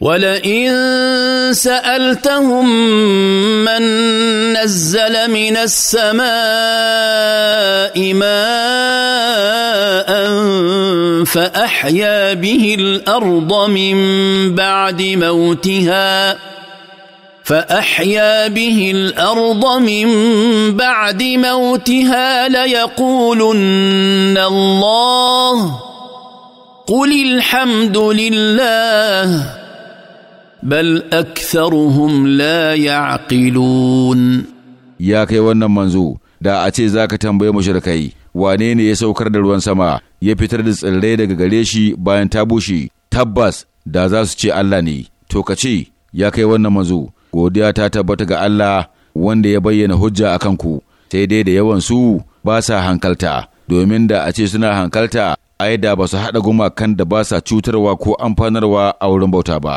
ولئن سالتهم من نزل من السماء ماء فاحيا به الارض من بعد موتها فاحيا به الارض من بعد موتها ليقولن الله قل الحمد لله bal aktharuhum la يعقلون ya kai wannan manzo da a ce zaka tambaye mushrikai wane ne ya saukar da ruwan sama ya fitar da tsirrai daga gare shi bayan ta bushe tabbas da za su ce Allah ne to ka ce ya kai wannan manzo godiya ta tabbata ga Allah wanda ya bayyana hujja a ku sai dai da yawan su ba sa hankalta domin da a ce suna hankalta ai da ba su haɗa gumakan da ba sa cutarwa ko amfanarwa a wurin bauta ba